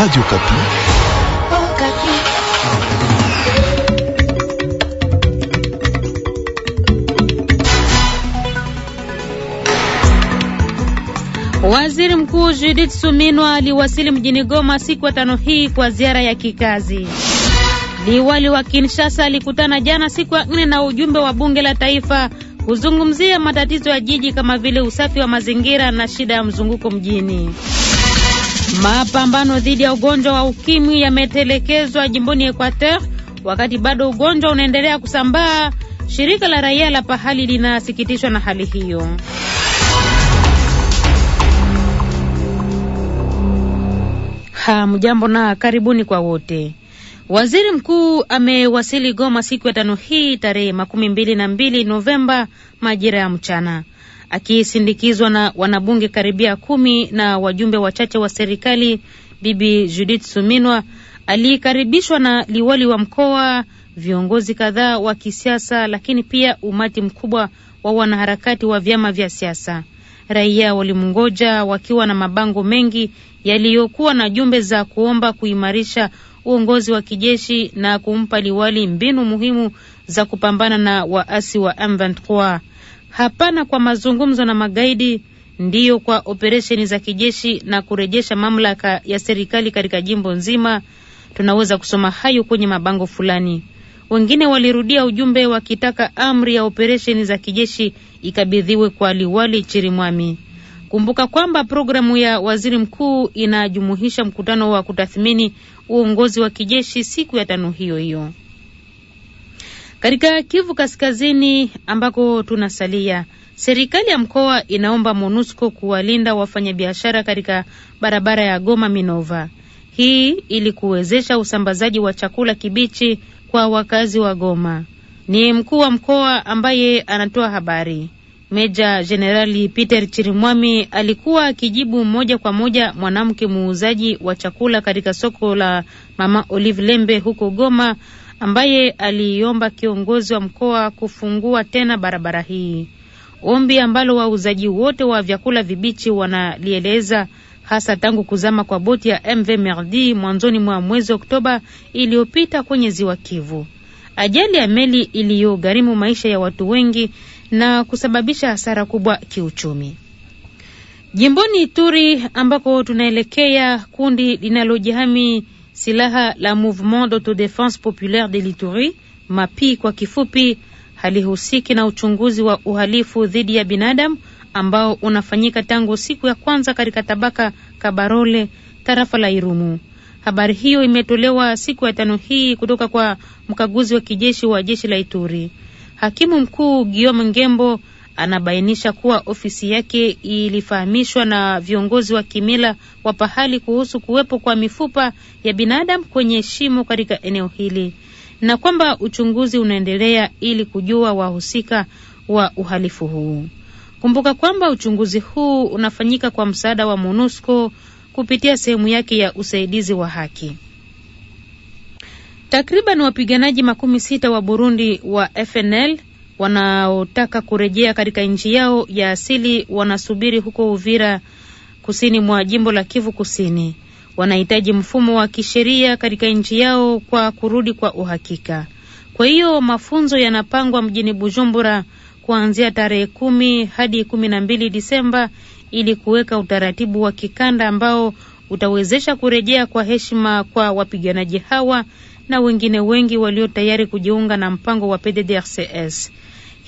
Radio Okapi. Waziri Mkuu Judith Suminwa aliwasili mjini Goma siku ya tano hii kwa ziara ya kikazi. Liwali wa Kinshasa alikutana jana siku ya nne na ujumbe wa bunge la taifa kuzungumzia matatizo ya jiji kama vile usafi wa mazingira na shida ya mzunguko mjini. Mapambano dhidi ya ugonjwa wa ukimwi yametelekezwa jimboni Equateur wakati bado ugonjwa unaendelea kusambaa. Shirika la raia la pahali linasikitishwa na hali hiyo. Hamjambo na karibuni kwa wote. Waziri mkuu amewasili Goma siku ya tano hii tarehe makumi mbili na mbili Novemba majira ya mchana akisindikizwa na wanabunge karibia kumi na wajumbe wachache wa serikali. Bibi Judith Suminwa alikaribishwa na liwali wa mkoa, viongozi kadhaa wa kisiasa, lakini pia umati mkubwa wa wanaharakati wa vyama vya siasa. Raia walimngoja wakiwa na mabango mengi yaliyokuwa na jumbe za kuomba kuimarisha uongozi wa kijeshi na kumpa liwali mbinu muhimu za kupambana na waasi wa M23 hapana kwa mazungumzo na magaidi, ndiyo kwa operesheni za kijeshi na kurejesha mamlaka ya serikali katika jimbo nzima. Tunaweza kusoma hayo kwenye mabango fulani. Wengine walirudia ujumbe wakitaka amri ya operesheni za kijeshi ikabidhiwe kwa Liwali Chirimwami. Kumbuka kwamba programu ya waziri mkuu inajumuisha mkutano wa kutathmini uongozi wa kijeshi siku ya tano hiyo hiyo. Katika Kivu Kaskazini ambako tunasalia, serikali ya mkoa inaomba MONUSCO kuwalinda wafanyabiashara katika barabara ya Goma Minova, hii ili kuwezesha usambazaji wa chakula kibichi kwa wakazi wa Goma. Ni mkuu wa mkoa ambaye anatoa habari. Meja Jenerali Peter Chirimwami alikuwa akijibu moja kwa moja mwanamke muuzaji wa chakula katika soko la Mama Olive Lembe huko Goma ambaye aliiomba kiongozi wa mkoa kufungua tena barabara hii, ombi ambalo wauzaji wote wa vyakula vibichi wanalieleza hasa tangu kuzama kwa boti ya MV Merdi mwanzoni mwa mwezi Oktoba iliyopita kwenye ziwa Kivu, ajali ya meli iliyogharimu maisha ya watu wengi na kusababisha hasara kubwa kiuchumi. Jimboni Ituri ambako tunaelekea, kundi linalojihami silaha la Mouvement d'Autodefense Populaire de Lituri, MAPI kwa kifupi, halihusiki na uchunguzi wa uhalifu dhidi ya binadamu ambao unafanyika tangu siku ya kwanza katika tabaka Kabarole, tarafa la Irumu. Habari hiyo imetolewa siku ya tano hii kutoka kwa mkaguzi wa kijeshi wa jeshi la Ituri. Hakimu mkuu Gioma Ngembo Anabainisha kuwa ofisi yake ilifahamishwa na viongozi wa kimila wa pahali kuhusu kuwepo kwa mifupa ya binadamu kwenye shimo katika eneo hili na kwamba uchunguzi unaendelea ili kujua wahusika wa uhalifu huu. Kumbuka kwamba uchunguzi huu unafanyika kwa msaada wa MONUSCO kupitia sehemu yake ya usaidizi wa haki. Takriban wapiganaji makumi sita wa Burundi wa FNL wanaotaka kurejea katika nchi yao ya asili wanasubiri huko Uvira, kusini mwa jimbo la Kivu Kusini. Wanahitaji mfumo wa kisheria katika nchi yao kwa kurudi kwa uhakika. Kwa hiyo mafunzo yanapangwa mjini Bujumbura kuanzia tarehe kumi hadi kumi na mbili Disemba ili kuweka utaratibu wa kikanda ambao utawezesha kurejea kwa heshima kwa wapiganaji hawa na wengine wengi walio tayari kujiunga na mpango wa PDDRCS.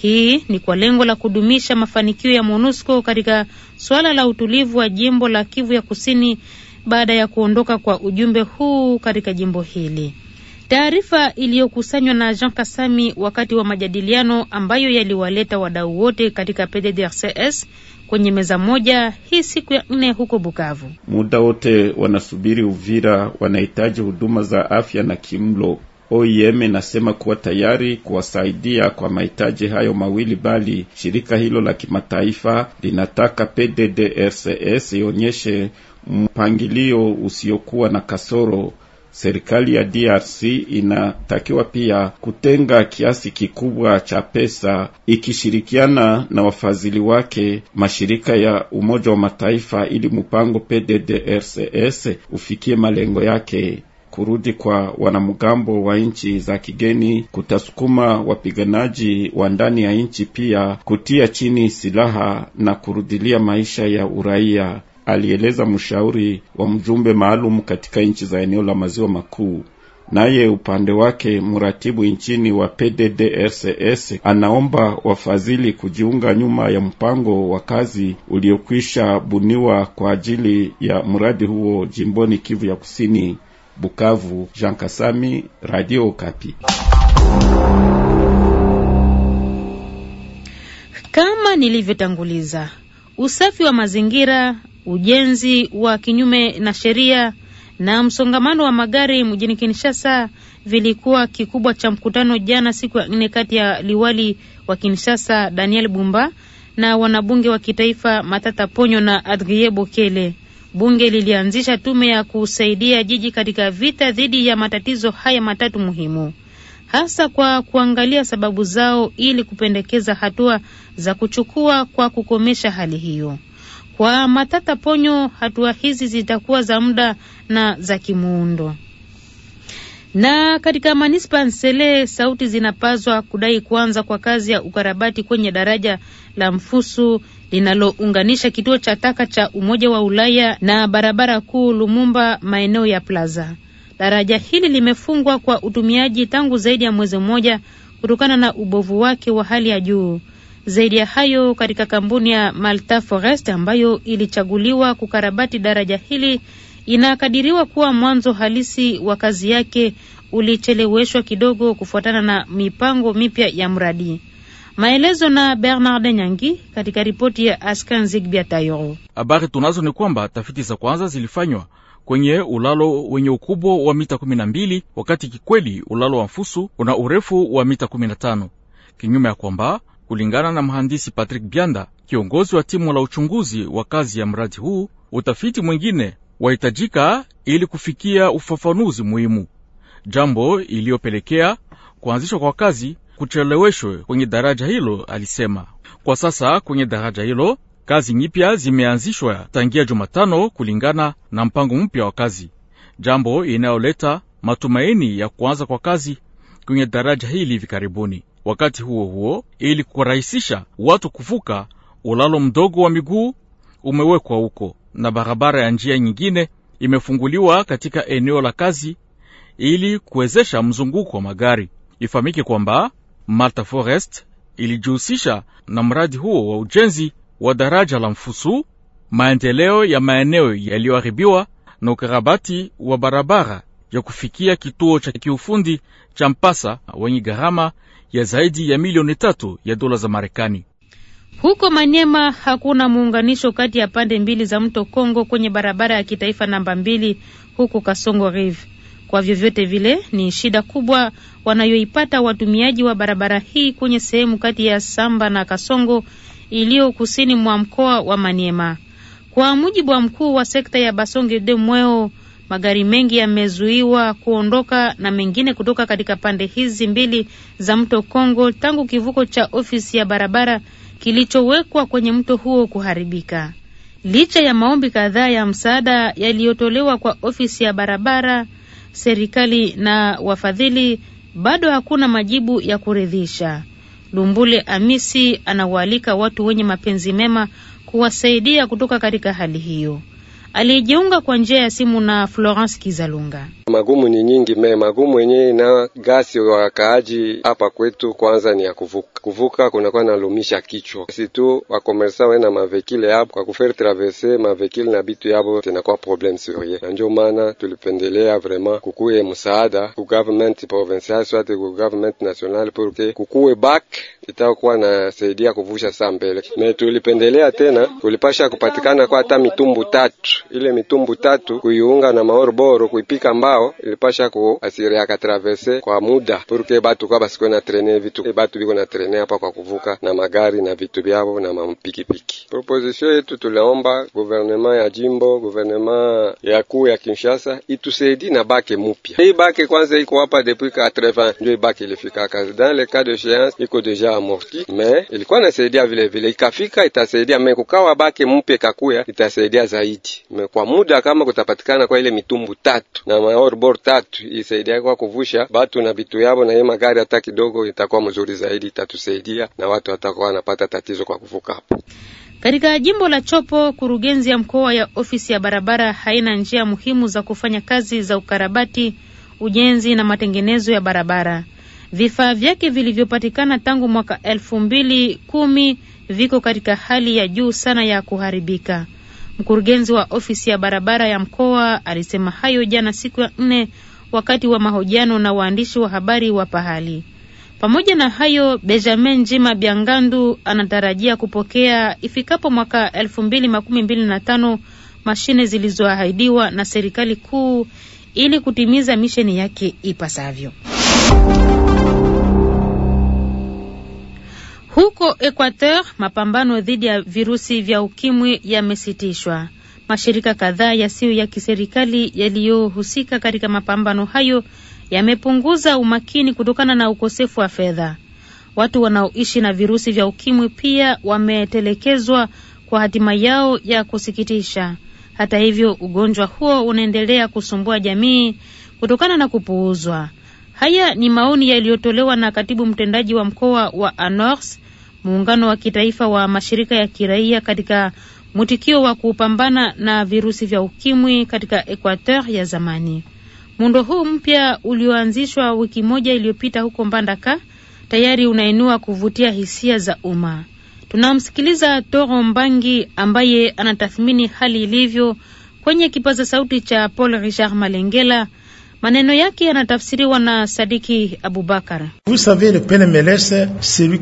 Hii ni kwa lengo la kudumisha mafanikio ya MONUSCO katika suala la utulivu wa jimbo la Kivu ya Kusini baada ya kuondoka kwa ujumbe huu katika jimbo hili. Taarifa iliyokusanywa na Jean Kasami wakati wa majadiliano ambayo yaliwaleta wadau wote katika PDDRCS kwenye meza moja hii siku ya nne huko Bukavu. Muda wote wanasubiri Uvira, wanahitaji huduma za afya na kimlo. OIM e inasema kuwa tayari kuwasaidia kwa mahitaji hayo mawili, bali shirika hilo la kimataifa linataka PDDRCS ionyeshe mpangilio usiokuwa na kasoro. Serikali ya DRC inatakiwa pia kutenga kiasi kikubwa cha pesa ikishirikiana na wafadhili wake mashirika ya Umoja wa Mataifa ili mpango PDDRCS ufikie malengo yake. Kurudi kwa wanamgambo wa nchi za kigeni kutasukuma wapiganaji wa ndani ya nchi pia kutia chini silaha na kurudilia maisha ya uraia, alieleza mshauri wa mjumbe maalum katika nchi za eneo la maziwa makuu. Naye upande wake mratibu nchini wa PDDRCS anaomba wafadhili kujiunga nyuma ya mpango wa kazi uliokwisha buniwa kwa ajili ya mradi huo jimboni Kivu ya Kusini. Bukavu, Jean Kasami, Radio Okapi. Kama nilivyotanguliza, usafi wa mazingira, ujenzi wa kinyume na sheria na msongamano wa magari mjini Kinshasa vilikuwa kikubwa cha mkutano jana siku ya nne kati ya liwali wa Kinshasa Daniel Bumba na wanabunge wa kitaifa Matata Ponyo na Adrie Bokele bunge lilianzisha tume ya kusaidia jiji katika vita dhidi ya matatizo haya matatu muhimu, hasa kwa kuangalia sababu zao ili kupendekeza hatua za kuchukua kwa kukomesha hali hiyo. Kwa Matata Ponyo, hatua hizi zitakuwa za muda na za kimuundo. Na katika manispa Nsele, sauti zinapazwa kudai kuanza kwa kazi ya ukarabati kwenye daraja la Mfusu linalounganisha kituo cha taka cha Umoja wa Ulaya na barabara kuu Lumumba maeneo ya Plaza. Daraja hili limefungwa kwa utumiaji tangu zaidi ya mwezi mmoja kutokana na ubovu wake wa hali ya juu. Zaidi ya hayo, katika kampuni ya Malta Forest ambayo ilichaguliwa kukarabati daraja hili, inakadiriwa kuwa mwanzo halisi wa kazi yake ulicheleweshwa kidogo kufuatana na mipango mipya ya mradi. Maelezo na Bernard Nyangi katika ripoti ya Zigbia Tayoro. Habari tunazo ni kwamba tafiti za kwanza zilifanywa kwenye ulalo wenye ukubwa wa mita 12 wakati kikweli ulalo wa Mfusu una urefu wa mita 15, kinyume ya kwamba kulingana na mhandisi Patrick Bianda, kiongozi wa timu la uchunguzi wa kazi ya mradi huu, utafiti mwingine wahitajika ili kufikia ufafanuzi muhimu, jambo iliyopelekea kuanzishwa kwa kazi kucheleweshwe kwenye daraja hilo, alisema. Kwa sasa kwenye daraja hilo kazi nyipya zimeanzishwa tangia Jumatano kulingana na mpango mpya wa kazi, jambo inayoleta matumaini ya kuanza kwa kazi kwenye daraja hili hivi karibuni. Wakati huo huo, ili kurahisisha watu kuvuka, ulalo mdogo wa miguu umewekwa huko na barabara ya njia nyingine imefunguliwa katika eneo la kazi ili kuwezesha mzunguko wa magari. Ifahamike kwamba Malta Forest ilijihusisha na mradi huo wa ujenzi wa daraja la Mfusu, maendeleo ya maeneo yaliyoharibiwa na ukarabati wa barabara ya kufikia kituo cha kiufundi cha Mpasa wenye gharama ya zaidi ya milioni tatu ya dola za Marekani. Huko Manyema hakuna muunganisho kati ya pande mbili za mto Kongo kwenye barabara ya kitaifa namba mbili huko Kasongo Rive. Kwa vyovyote vile ni shida kubwa wanayoipata watumiaji wa barabara hii kwenye sehemu kati ya Samba na Kasongo iliyo kusini mwa mkoa wa Maniema. Kwa mujibu wa mkuu wa sekta ya Basonge de Mweo, magari mengi yamezuiwa kuondoka na mengine kutoka katika pande hizi mbili za mto Kongo tangu kivuko cha ofisi ya barabara kilichowekwa kwenye mto huo kuharibika. Licha ya maombi kadhaa ya msaada yaliyotolewa kwa ofisi ya barabara, serikali na wafadhili, bado hakuna majibu ya kuridhisha. Lumbule Amisi anawaalika watu wenye mapenzi mema kuwasaidia kutoka katika hali hiyo aliyejiunga kwa njia ya simu na Florence Kizalunga. Magumu ni nyingi me magumu yenyewe na gasi wakaaji hapa kwetu, kwanza ni ya kuvuka. Kuvuka kunakuwa nalumisha kichwa si tu wakomersa we na mavekile yabo kwa kufere traverse mavekile na bitu yabo tenakuwa probleme surie na njo maana tulipendelea vraiment kukuye msaada ku government provincial swate ku government national pour que kukuwe bak itakuwa nasaidia kuvusha saa mbele. Na tulipendelea tena kulipasha kupatikana kwa hata mitumbu tatu, ile mitumbu tatu kuiunga na maoroboro kuipika mbao ilipasha kuasiria katravese kwa muda purke batu kwa basikuwe na trene vitu e, batu biko na trene hapa kwa kuvuka na magari na vitu vyavo na mapikipiki. Proposition yetu tuliomba guvernema ya jimbo guvernema ya kuu ya Kinshasa itusaidie na bake mupya hii bake kwanza iko hapa depuis 80 ndio bake ilifikaka dans le cas de séance iko deja amorti me ilikuwa nasaidia vile vile, ikafika itasaidia me kukawa bake mupya kakuya itasaidia zaidi me kwa muda, kama kutapatikana kwa ile mitumbu tatu na maorbor tatu isaidia kwa kuvusha batu na bitu yabo na ye magari hata kidogo, itakuwa mzuri zaidi, itatusaidia na watu watakuwa wanapata tatizo kwa kuvuka hapo. Katika jimbo la Chopo, kurugenzi ya mkoa ya ofisi ya barabara haina njia muhimu za kufanya kazi za ukarabati, ujenzi na matengenezo ya barabara. Vifaa vyake vilivyopatikana tangu mwaka elfu mbili kumi viko katika hali ya juu sana ya kuharibika. Mkurugenzi wa ofisi ya barabara ya mkoa alisema hayo jana siku ya nne wakati wa mahojiano na waandishi wa habari wa pahali. Pamoja na hayo, Benjamin jima Biangandu anatarajia kupokea ifikapo mwaka elfu mbili makumi mbili na tano mashine zilizoahidiwa na serikali kuu ili kutimiza misheni yake ipasavyo. Huko Equateur mapambano dhidi ya virusi vya ukimwi yamesitishwa. Mashirika kadhaa yasiyo ya kiserikali yaliyohusika katika mapambano hayo yamepunguza umakini kutokana na ukosefu wa fedha. Watu wanaoishi na virusi vya ukimwi pia wametelekezwa kwa hatima yao ya kusikitisha. Hata hivyo, ugonjwa huo unaendelea kusumbua jamii kutokana na kupuuzwa. Haya ni maoni yaliyotolewa na katibu mtendaji wa mkoa wa Anors muungano wa kitaifa wa mashirika ya kiraia katika mwitikio wa kupambana na virusi vya ukimwi katika Equateur ya zamani. Muundo huu mpya ulioanzishwa wiki moja iliyopita huko Mbandaka tayari unainua kuvutia hisia za umma. Tunamsikiliza Toro Mbangi ambaye anatathmini hali ilivyo kwenye kipaza sauti cha Paul Richard Malengela. Maneno yake yanatafsiriwa na Sadiki Abubakar.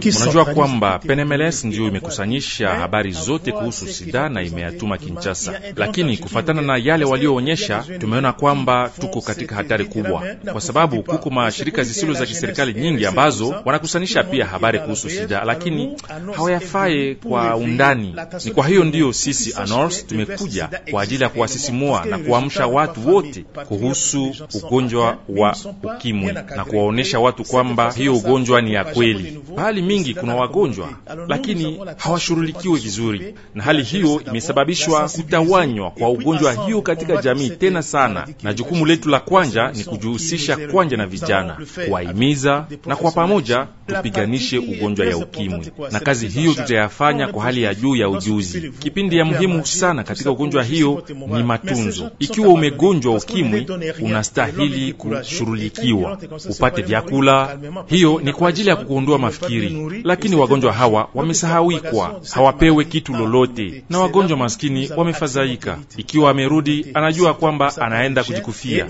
Unajua kwamba Penemeles ndiyo imekusanyisha habari zote kuhusu sida na imeyatuma Kinshasa, lakini kufatana na yale walioonyesha, tumeona kwamba tuko katika hatari kubwa, kwa sababu kuko mashirika zisilo za kiserikali nyingi ambazo wanakusanyisha pia habari kuhusu sida, lakini hawayafaye kwa undani. Ni kwa hiyo ndiyo sisi ANORS tumekuja kwa ajili ya kuwasisimua na kuamsha watu wote kuhusu ugonjwa wa ukimwi na kuwaonyesha watu kwamba hiyo ugonjwa ni ya kweli. pahali mingi kuna wagonjwa lakini hawashughulikiwi vizuri, na hali hiyo imesababishwa kutawanywa kwa ugonjwa hiyo katika jamii tena sana, na jukumu letu la kwanja ni kujihusisha kwanja na vijana, kuwahimiza na kwa pamoja tupiganishe ugonjwa ya ukimwi, na kazi hiyo tutayafanya kwa hali ya juu ya ujuzi. Kipindi ya muhimu sana katika ugonjwa hiyo ni matunzo. Ikiwa umegonjwa ukimwi, unastahili ili kushurulikiwa, upate vyakula. Hiyo ni kwa ajili ya kukuondoa mafikiri, lakini wagonjwa hawa wamesahawikwa, hawapewe kitu lolote, na wagonjwa maskini wamefadhaika. Ikiwa amerudi, anajua kwamba anaenda kujikufia.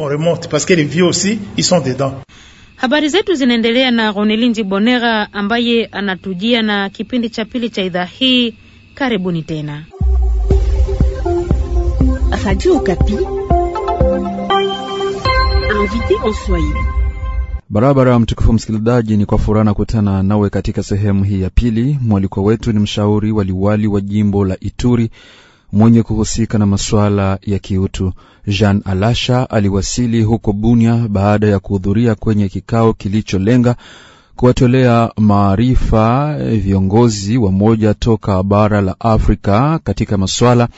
Habari zetu zinaendelea na ronelinji Bonera ambaye anatujia na kipindi cha pili cha idhaa hii. Karibuni tena Barabara ya mtukufu msikilizaji, ni kwa furaha na kutana nawe katika sehemu hii ya pili. Mwaliko wetu ni mshauri waliwali wa jimbo la Ituri mwenye kuhusika na masuala ya kiutu Jean Alasha aliwasili huko Bunia baada ya kuhudhuria kwenye kikao kilicholenga kuwatolea maarifa eh, viongozi wa moja toka bara la Afrika katika masuala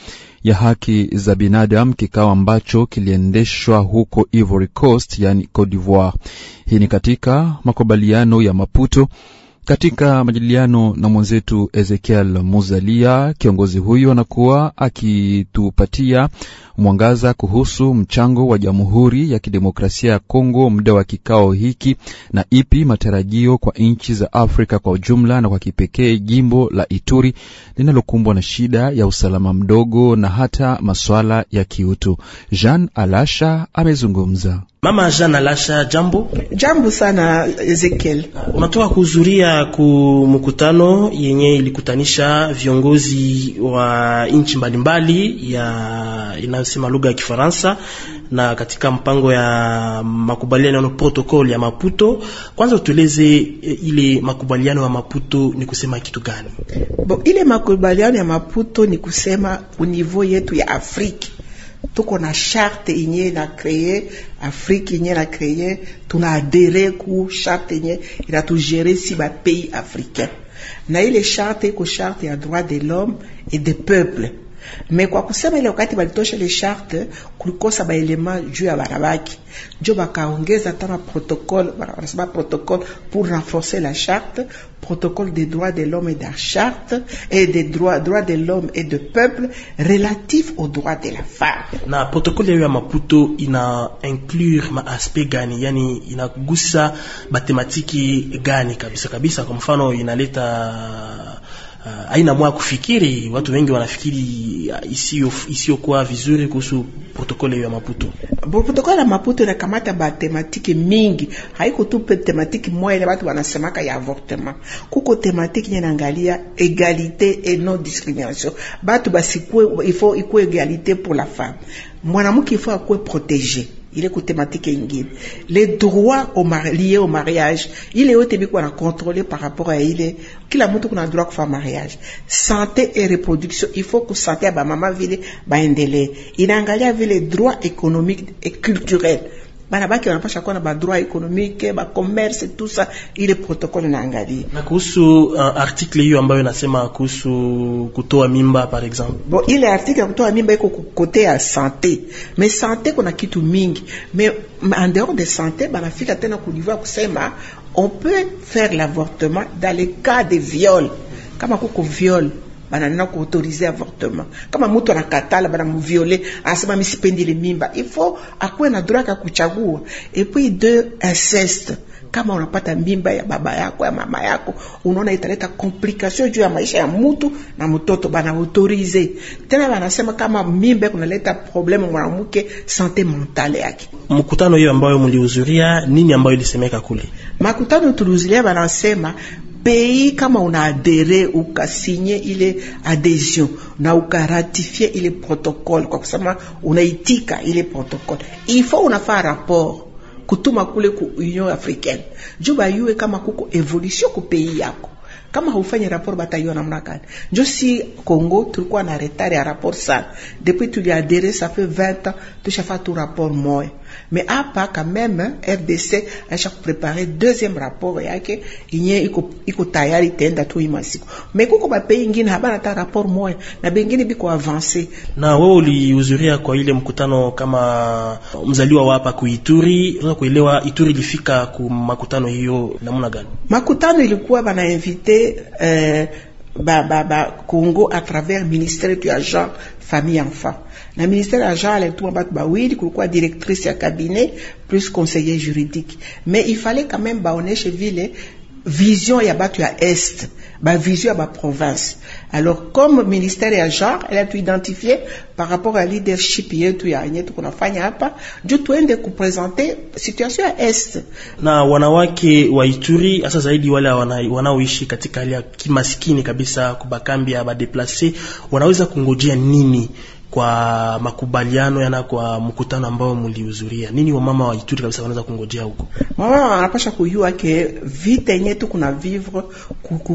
ya haki za binadamu, kikao ambacho kiliendeshwa huko Ivory Coast, yani Cote d'Ivoire. Hii ni katika makubaliano ya Maputo katika majadiliano na mwenzetu Ezekiel Muzalia, kiongozi huyu anakuwa akitupatia mwangaza kuhusu mchango wa Jamhuri ya Kidemokrasia ya Kongo muda wa kikao hiki na ipi matarajio kwa nchi za Afrika kwa ujumla na kwa kipekee jimbo la Ituri linalokumbwa na shida ya usalama mdogo na hata masuala ya kiutu. Jean Alasha amezungumza. Mama Jana lasha jambo jambo sana Ezekiel. Unatoka kuhudhuria ku mkutano yenye ilikutanisha viongozi wa nchi mbalimbali ya inayosema lugha ya Kifaransa na katika mpango ya makubaliano ya protokoli ya Maputo. Kwanza utueleze eh, ile makubaliano ya Maputo ni kusema kitu gani? Bo, ile makubaliano ya Maputo ni kusema univou yetu ya Afrika Tout qu'on créé, charte a créé, tout ce qu'on na adhéré à la charte géré sur si pays africain a ile charte iko charte ya droits de l'homme et des peuples mais me kwa kusema ile wakati balitosha ile charte kulikosa baelema juu ya barabaki, njo bakaongeza tama protocole, wanasema protocole pour renforcer la charte, protocole des droits de l'homme et de la charte et des droits droits de l'homme et de peuple relatifs aux droits de la femme. Na protocole ya Maputo ina inclure ma aspect gani, yani gusa matematiki gani kabisa kabisa? Kwa mfano inaleta Uh, haina mwa kufikiri. Watu wengi wanafikiri uh, isiyo isiyokuwa vizuri kuhusu protokole ya Maputo. Protokole ya Maputo inakamata ba tematiki mingi, haiko tu tematiki moja ile watu wanasemaka ya avortement. Kuko tematiki inaangalia egalite et non discrimination, batu basikwe ifo ikwe egalite pour la femme, mwanamke ifo akwe proteger il est thématique ingine. Les droits liés au mariage, il est au qu'on a contrôlé par rapport à il est qu'il a montré qu'on a droit faire mariage. Santé et reproduction, il faut que santé à ma maman vile, bah, un délai. Il a engagé avec les droits économiques et culturels barabaki wanapasha kuwa na badroit ekonomike commerce tout ça, ile protokole naangalia na kuhusu uh, article hiyo ambayo inasema kuhusu kutoa mimba par exemple. Bon, ile article ya kutoa mimba iko kote ya sante me sante kuna kitu mingi mais en dehors de sante banafika tena kulivua kusema on peut faire l'avortement dans les cas de viol kama kuko viol bananena kuautorize avortement kama mtu anakatala banamviole anasema mimi sipendi ile mimba ifo akuwe na droit ya kuchagua epui de inceste kama unapata mimba ya baba yako ya mama yako unaona italeta komplikasio juu ya maisha ya mtu na mtoto bana autorize tena banasema kama mimba kunaleta probleme mwanamke sante mentale yake mkutano hiyo ambayo mlihudhuria nini ambayo ilisemeka kule makutano tulihudhuria banasema pays comme on a kama una adhere ukasinye ile adhesion na il est protocole, kwa kusema unaitika est protocole, il faut ifo unafaa rapport kutuma kule ku Union Africaine juu bayue kama kuko evolution ku pays yako kama un rapport bataiwa namna gani? Njo si Congo tulikuwa na retard ya rapport sana, depuis adhéré, ça fait 20 ans fait tu rapport moya Mais hapa quand même FDC acha kuprepare deuxième rapport yake inye iko iko tayari itaenda tu imasiku. Mais kuko ba pays ingine habana hata rapport moja na bengine biko avancer. Na wewe ulihudhuria kwa ile mkutano kama mzaliwa wa hapa kuituri, unaweza kuelewa Ituri ilifika ku makutano hiyo namna gani? Makutano ilikuwa bana invite eh, Bah, bah, bah, Congo à travers ministère du agent famille enfant Le ministère tout genre a dit que directrice et cabinet plus conseiller juridique mais il fallait quand même chez ville hein, vision ya bato ya ba vision ya province. alors comme ministère ya genre elle est identifiée par rapport à leadership yetu ya kuna fanya hapa juu tuende présenter situation ya est na wanawake wa Ituri hasa zaidi wale wanaoishi katika hali ya kimaskini kabisa kubakambi ya badeplase wanaweza kungojea nini kwa makubaliano yana kwa mkutano ambao mlihudhuria, nini wamama wa Ituri kabisa wanaweza kungojea huko? Mama anapasha kujua ke vita yenyewe tu kuna vivre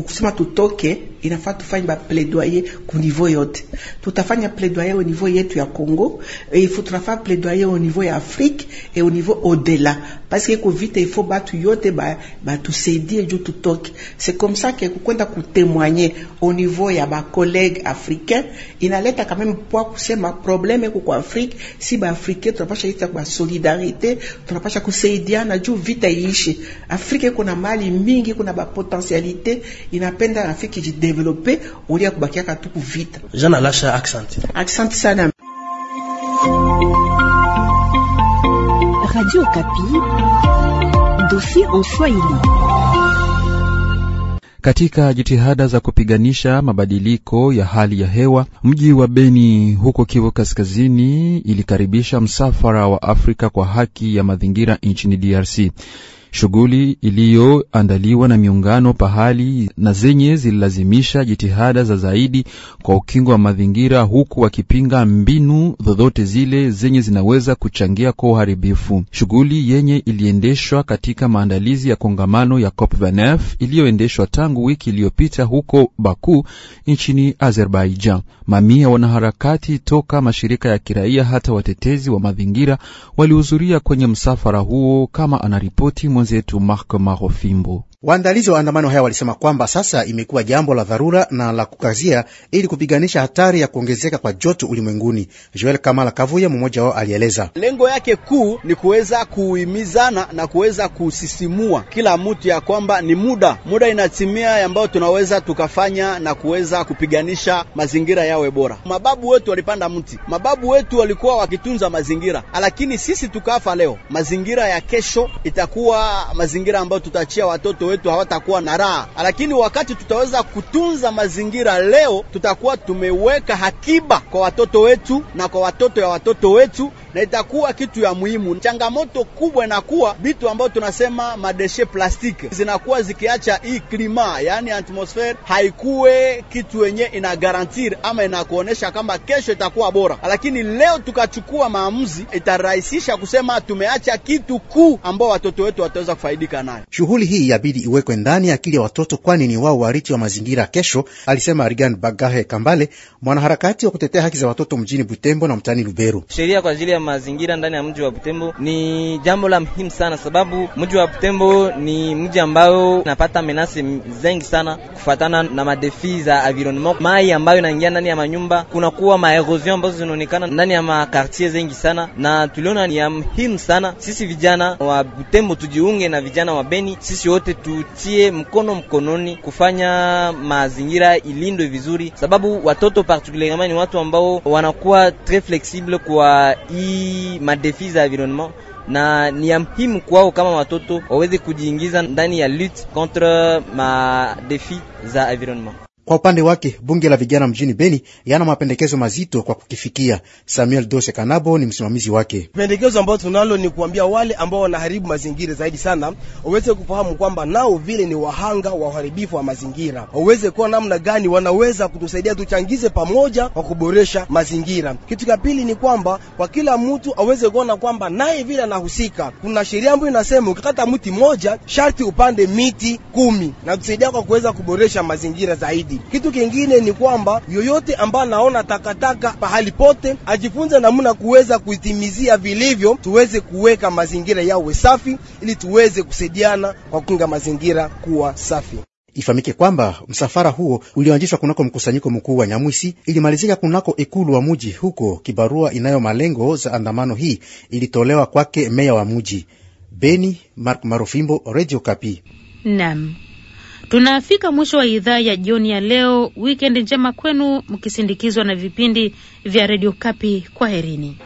kusema tutoke, inafaa tufanye ba plaidoyer ku niveau yote. Tutafanya plaidoyer au niveau yetu ya Congo, e eh, tunafanya plaidoyer au niveau ya Afrique et eh, au niveau au-delà que basi kuvita ifo batu yote ba ba batusaidie juu tutoke. C'est comme ça que kwenda témoigner au niveau ya ba bakolege africain inaleta quand même poa kusema probleme eko ko Afrique. Si baafrikain tunapasha tu kwa solidarite, tunapasha kusaidiana juu vita iishi. Afrika iko na mali mingi, ko na ba potentialité il n'a potentialite inapenda Afrika jidevelope ulia kubakiaka tu kuvita. Jana lasha accent accent ça sana Radio Kapi, dosi en Swahili. Katika jitihada za kupiganisha mabadiliko ya hali ya hewa, mji wa Beni huko Kivu Kaskazini ilikaribisha msafara wa Afrika kwa haki ya mazingira nchini DRC shughuli iliyoandaliwa na miungano pahali na zenye zililazimisha jitihada za zaidi kwa ukingo wa mazingira, huku wakipinga mbinu zozote zile zenye zinaweza kuchangia kwa uharibifu. Shughuli yenye iliendeshwa katika maandalizi ya kongamano ya COP29 iliyoendeshwa tangu wiki iliyopita huko Baku nchini Azerbaijan. Mamia wanaharakati toka mashirika ya kiraia hata watetezi wa mazingira walihudhuria kwenye msafara huo, kama anaripoti mwenzetu Marko Marofimbo Waandalizi wa andamano haya walisema kwamba sasa imekuwa jambo la dharura na la kukazia ili kupiganisha hatari ya kuongezeka kwa joto ulimwenguni. Joel Kamala Kavuya, mmoja wao, alieleza lengo yake kuu ni kuweza kuhimizana na kuweza kusisimua kila mtu ya kwamba ni muda muda inatimia ambayo tunaweza tukafanya na kuweza kupiganisha mazingira yawe bora. Mababu wetu walipanda mti, mababu wetu walikuwa wakitunza mazingira, lakini sisi tukafa leo. Mazingira ya kesho itakuwa mazingira ambayo tutaachia watoto wetu hawatakuwa na raha, lakini wakati tutaweza kutunza mazingira leo, tutakuwa tumeweka hakiba kwa watoto wetu na kwa watoto ya watoto wetu na itakuwa kitu ya muhimu. Changamoto kubwa inakuwa vitu ambayo tunasema madeshe plastiki zinakuwa zikiacha hii klima, yaani atmosfere haikuwe kitu yenye ina garantir ama inakuonesha kama kesho itakuwa bora, lakini leo tukachukua maamuzi itarahisisha kusema tumeacha kitu kuu ambao watoto wetu wataweza kufaidika nayo. Shughuli hii yabidi iwekwe ndani ya akili ya watoto, kwani ni wao warithi wa mazingira kesho, alisema Arigan Bagahe Kambale, mwanaharakati wa kutetea haki za watoto mjini Butembo na mtani Luberu. Sheria kwa ajili ya mazingira ndani ya mji wa Butembo ni jambo la muhimu sana, sababu mji wa Butembo ni mji ambao unapata menasi zengi sana kufatana na madefi za environment. Mai ambayo inaingia ndani ya manyumba, kunakuwa maerosion ambazo zinaonekana ndani ya makartier zengi sana, na tuliona ni ya muhimu sana sisi vijana wa Butembo tujiunge na vijana wa Beni, sisi wote tutie mkono mkononi kufanya mazingira ilindwe vizuri, sababu watoto particulièrement ni watu ambao wanakuwa très flexible kwa hii hii madefi za environnement na ni ya muhimu kwao kama watoto waweze kujiingiza ndani ya lutte contre madefi za environnement. Kwa upande wake bunge la vijana mjini Beni yana mapendekezo mazito kwa kukifikia. Samuel Dose Kanabo ni msimamizi wake. Pendekezo ambao tunalo ni kuambia wale ambao wanaharibu mazingira zaidi sana waweze kufahamu kwamba nao vile ni wahanga wa uharibifu wa mazingira, waweze kuwa namna gani wanaweza kutusaidia, tuchangize pamoja kwa kuboresha mazingira. Kitu cha pili ni kwamba kwa kila mtu aweze kuona kwamba naye vile anahusika. Kuna sheria ambayo inasema ukikata mti moja sharti upande miti kumi na tusaidia kwa kuweza kuboresha mazingira zaidi zaidi. Kitu kingine ni kwamba yoyote ambaye anaona takataka pahali pote ajifunze namna kuweza kuitimizia vilivyo, tuweze kuweka mazingira yawe safi, ili tuweze kusaidiana kwa kukinga mazingira kuwa safi. Ifahamike kwamba msafara huo ulioanzishwa kunako mkusanyiko mkuu wa Nyamwisi ilimalizika kunako ikulu wa muji huko. Kibarua inayo malengo za andamano hii ilitolewa kwake meya wa muji Beni Mark Marufimbo, Radio Kapi Naam. Tunafika mwisho wa idhaa ya jioni ya leo. Wikendi njema kwenu, mkisindikizwa na vipindi vya redio Kapi. Kwaherini.